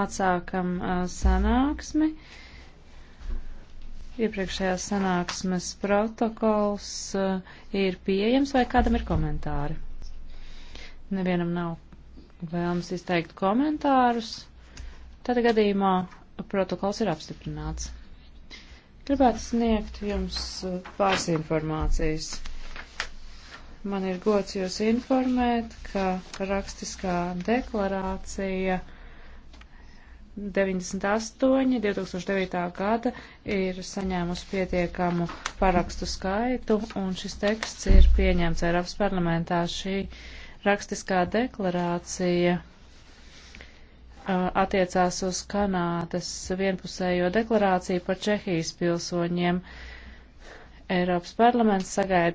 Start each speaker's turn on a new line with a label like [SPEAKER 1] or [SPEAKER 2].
[SPEAKER 1] Atsākam sanāksmi. Iepriekšējās sanāksmes protokols ir pieejams vai kādam ir komentāri? Nevienam nav vēlams izteikt komentārus. Tad gadījumā protokols ir apstiprināts. Gribētu sniegt jums pāris informācijas. Man ir gods jūs informēt, ka rakstiskā deklarācija 98, 2009. gada ir saņēmusi pietiekamu parakstu skaitu, un šis teksts ir pieņemts Eiropas parlamentā. Šī rakstiskā deklarācija uh, attiecās uz Kanādas vienpusējo deklarāciju par Čehijas pilsoņiem. Eiropas parlaments
[SPEAKER 2] sagaida,